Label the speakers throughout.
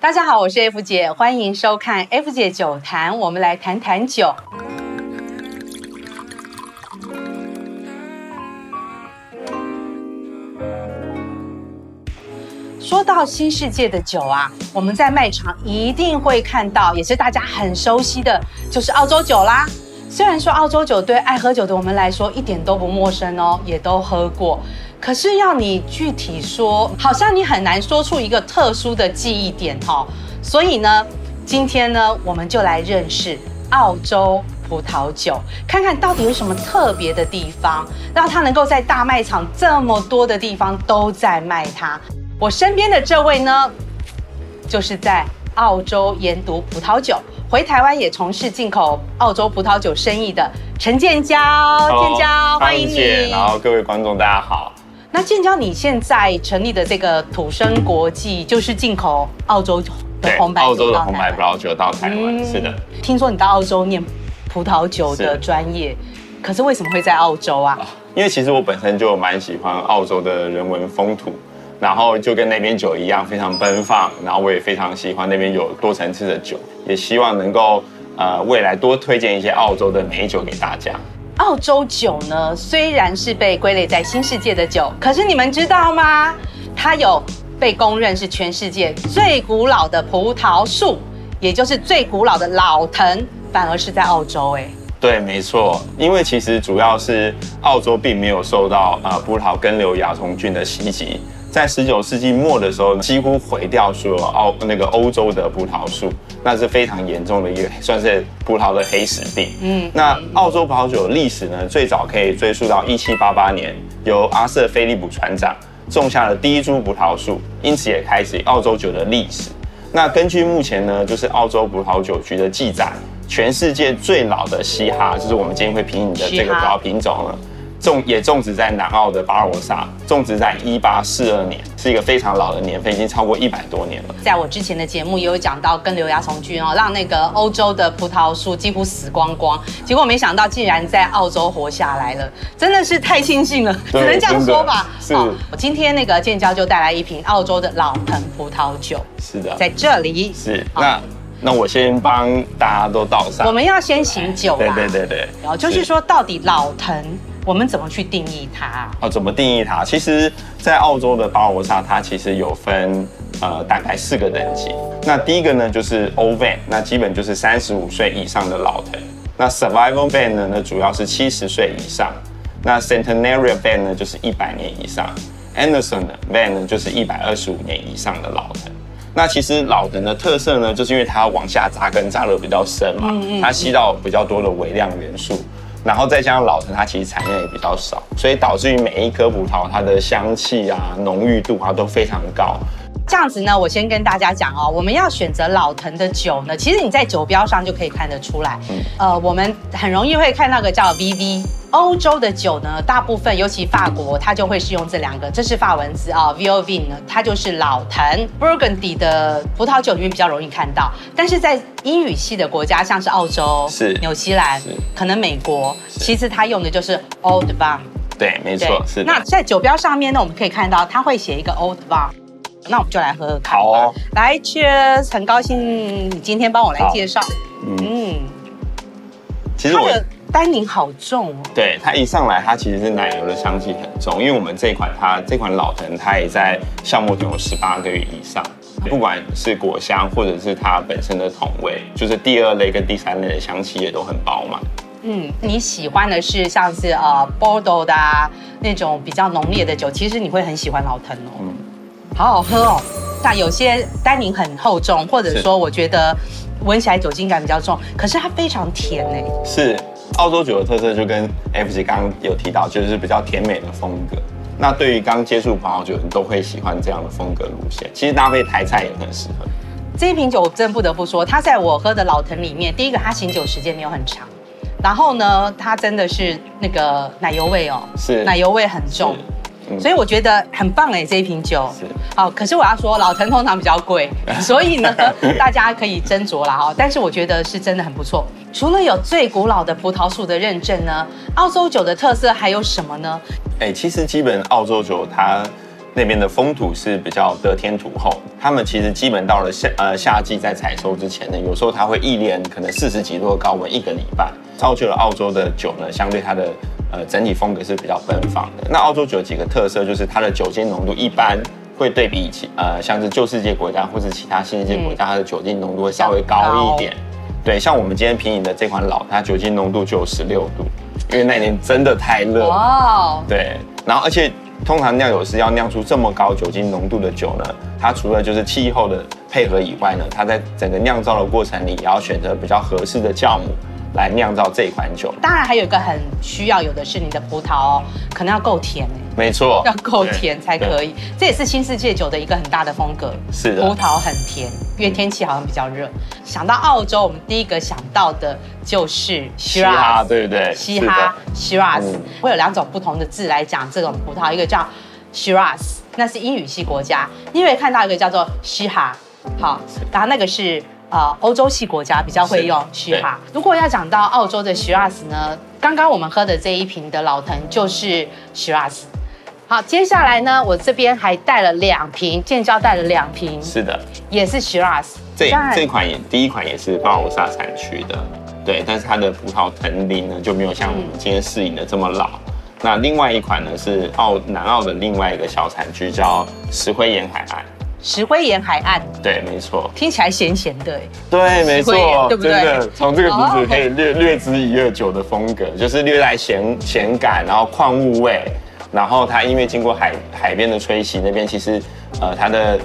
Speaker 1: 大家好，我是 F 姐，歡迎收看 F 姐酒談，我們來談談酒。說到新世界的酒啊，我們在賣場一定會看到，也是大家很熟悉的，就是澳洲酒啦。雖然說澳洲酒對愛喝酒的我們來說一點都不陌生哦，也都喝過。可是要你具體說，好像你很難說出一個特殊的記憶點哈、哦。所以呢，今天呢，我們就來認識澳洲葡萄酒，看看到底有什麼特別的地方，讓它能夠在大賣場這麼多的地方都在賣它。我身邊的這位呢，就是在澳洲研讀葡萄酒，回台灣也從事進口澳洲葡萄酒生意的陳建嬌。然後，建嬌，歡迎你。謝謝。然
Speaker 2: 後各位觀眾，大家好。
Speaker 1: 那建交，你現在成立的這個土生國際，就是進口澳洲
Speaker 2: 的紅白澳洲的紅白葡萄酒到台灣。嗯、是的。
Speaker 1: 聽說你到澳洲念葡萄酒的專業。是。可是為什麼會在澳洲啊？
Speaker 2: 因為其實我本身就蠻喜歡澳洲的人文風土，然後就跟那邊酒一樣非常奔放，然後我也非常喜歡那邊有多層次的酒，也希望能夠呃未來多推薦一些澳洲的美酒給大家。
Speaker 1: 澳洲酒呢，雖然是被歸類在新世界的酒，可是你們知道嗎？它有被公認是全世界最古老的葡萄樹，也就是最古老的老藤，反而是在澳洲，欸。哎，
Speaker 2: 對，沒錯，因為其實主要是澳洲並沒有受到啊、呃、葡萄根瘤蚜蟲菌的襲擊。在十九世紀末的時候，幾乎毀掉所有澳那個歐洲的葡萄樹，那是非常嚴重的一個，算是葡萄的黑死病。嗯，那澳洲葡萄酒歷史呢，最早可以追溯到一七八八年，由阿瑟·菲利普船長種下了第一株葡萄樹，因此也開始澳洲酒的歷史。那根據目前呢，就是澳洲葡萄酒局的記載，全世界最老的西哈，哦、就是我們今天會品飲的這個葡萄品種了。種也種植在南澳的巴羅薩，種植在一八四二年，是一個非常老的年份，已經超過一百多年了。
Speaker 1: 在我之前的節目也有講到，根瘤蚜蟲哦，讓那個歐洲的葡萄樹幾乎死光光，結果沒想到竟然在澳洲活下來了，真的是太慶幸了，對只能這樣說吧。是，哦，我今天那個建交就帶來一瓶澳洲的老藤葡萄酒，是的，在這裡，是，
Speaker 2: 哦，那那我先幫大家都倒上，我們
Speaker 1: 要先醒酒吧，對對
Speaker 2: 對對，然後就是說
Speaker 1: 到底老藤。我們怎麼去定義它
Speaker 2: 啊？哦，怎麼定義它？其實，在澳洲的巴羅莎，它其實有分呃大概四個等級。那第一個呢就是 Old Van，那基本就是三十五歲以上的老藤；那 Survival Van 呢，那主要是七十歲以上。那 Centenary Van 呢，就是一百年以上。Anderson Van 呢，就是一百二十五年以上的老藤。那其實老藤的特色呢，就是因為它往下扎根扎得比較深嘛，它、嗯嗯、吸到比較多的微量元素。然後再加上老藤，它其實產量也比較少，所以導致於每一顆葡萄它的香氣啊、濃郁度啊都非常高。
Speaker 1: 這樣子呢，我先跟大家講哦，我們要選擇老藤的酒呢，其實你在酒標上就可以看得出來。嗯、呃，我們很容易會看到個叫 VV，歐洲的酒呢，大部分尤其法國，它就會是用這兩個，這是法文字啊，哦，V O V 呢，它就是老藤，Burgundy 的葡萄酒裡面比較容易看到。但是在英語系的國家，像是澳洲、是紐西蘭，是可能美國，是其實它用的就是 Old Vine。
Speaker 2: 對，沒錯，對是的。那
Speaker 1: 在酒標上面呢，我們可以看到它會寫一個 Old Vine 那我們就來喝喝看吧。好、哦，來，Cheers，yes, 很高興你今天幫我來介紹。好嗯，
Speaker 2: 其實我的
Speaker 1: 單寧好重
Speaker 2: 哦。對，它一上來，它其實是奶油的香氣很重，因為我們這一款它這款老藤它也在橡木桶有十八個月以上、哦，不管是果香或者是它本身的桶味，就是第二類跟第三類的香氣也都很飽滿。嗯，
Speaker 1: 你喜歡的是像是呃 Bordeaux 的、啊、那種比較濃烈的酒，其實你會很喜歡老藤哦。嗯好好喝哦，那有些單寧很厚重，或者說我覺得聞起來酒精感比較重，可是它非常甜哎、欸。
Speaker 2: 是，澳洲酒的特色就跟 F 姐剛剛有提到，就是比較甜美的風格。那對於剛接觸葡萄酒，都會喜歡這樣的風格的路線。其實搭配台菜也很適合。
Speaker 1: 這一瓶酒我真不得不說，它在我喝的老藤裡面，第一個它醒酒時間沒有很長，然後呢，它真的是那個奶油味哦，是奶油味很重。所以我覺得很棒哎，這一瓶酒。是好，可是我要說，老藤通常比較貴，所以呢， 大家可以斟酌啦哈。但是我覺得是真的很不錯。除了有最古老的葡萄樹的認證呢，澳洲酒的特色還有什麼呢？
Speaker 2: 哎、欸，其實基本澳洲酒它那邊的風土是比較得天獨厚，他們其實基本到了夏呃夏季在採收之前呢，有時候它會一連可能四十幾度的高溫一個禮拜。造就了澳洲的酒呢，相對它的呃整體風格是比較奔放的。那澳洲酒有幾個特色，就是它的酒精濃度一般會對比呃像是舊世界國家或是其他新世界國家，嗯、它的酒精濃度會稍微高一點。高對，像我們今天品飲的這款老，它酒精濃度就有十六度，因為那年真的太熱。哇。對，然後而且通常釀酒師要釀出這麼高酒精濃度的酒呢，它除了就是氣候的配合以外呢，它在整個釀造的過程裡也要選擇比較合適的酵母來釀造這款酒，
Speaker 1: 當然還有一個很需要有的是你的葡萄哦，可能要夠甜，
Speaker 2: 沒錯，要夠甜才可以。
Speaker 1: 這也是新世界酒的一個很大的風格，是的，葡萄很甜，因為天氣好像比較熱。嗯、想到澳洲，我們第一個想到的就是 Shiraz，嘻哈，對
Speaker 2: 不對
Speaker 1: ？Shiraz，我有兩種不同的字來講這種葡萄，一個叫 Shiraz，那是英語系國家，你有沒有看到一個叫做嘻哈？好，嗯、然後那個是。啊，呃，歐洲系國家比較會用 Syrah。是。Syrah。對。如果要講到澳洲的 Shiraz 呢，剛剛我們喝的這一瓶的老藤就是 Shiraz。好，接下來呢，我這邊還帶了兩瓶，建交帶了兩瓶，
Speaker 2: 是的，
Speaker 1: 也是 Shiraz。
Speaker 2: 這，但，這一款也第一款也是巴羅薩產區的，對，但是它的葡萄藤齡呢就沒有像我們今天試飲的這麼老。是的。那另外一款呢是澳南澳的另外一個小產區，叫石灰岩海岸。
Speaker 1: 石灰岩海岸，
Speaker 2: 對，沒錯，聽
Speaker 1: 起來鹹咸的，對，沒錯，對不對？真的，從這個瓶子可以
Speaker 2: 略、哦、略知一二酒的風格，就是略帶鹹鹹感，然後礦物味，然後它因為經過海海邊的吹襲，那邊其實，呃，它的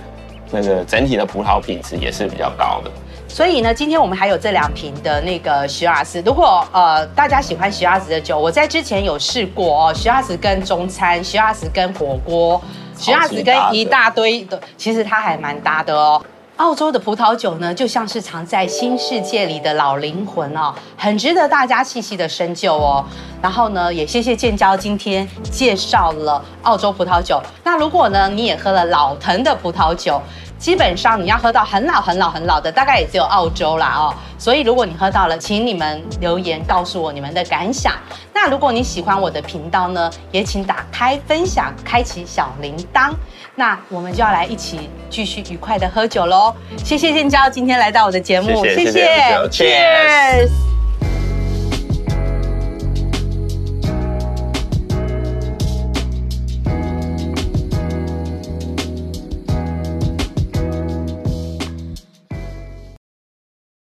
Speaker 2: 那個整體的葡萄品質也是比較高的。
Speaker 1: 所以呢，今天我們還有這兩瓶的那個雪拉絲。如果呃大家喜歡雪拉絲的酒，我在之前有試過哦，雪拉絲跟中餐，雪拉絲跟火鍋。靴子跟一大堆的，其實它還蠻搭的哦。澳洲的葡萄酒呢，就像是藏在新世界裡的老靈魂哦，很值得大家細細的深究哦。然後呢，也謝謝建交今天介紹了澳洲葡萄酒。那如果呢，你也喝了老藤的葡萄酒，基本上你要喝到很老很老很老的，大概也只有澳洲啦哦。所以如果你喝到了，請你們留言告訴我你們的感想。那如果你喜歡我的頻道呢，也請打開分享，開啟小鈴鐺。那我們就要來一起繼續愉快的喝酒嘍。謝謝建交今天來到我的節目，謝謝謝謝。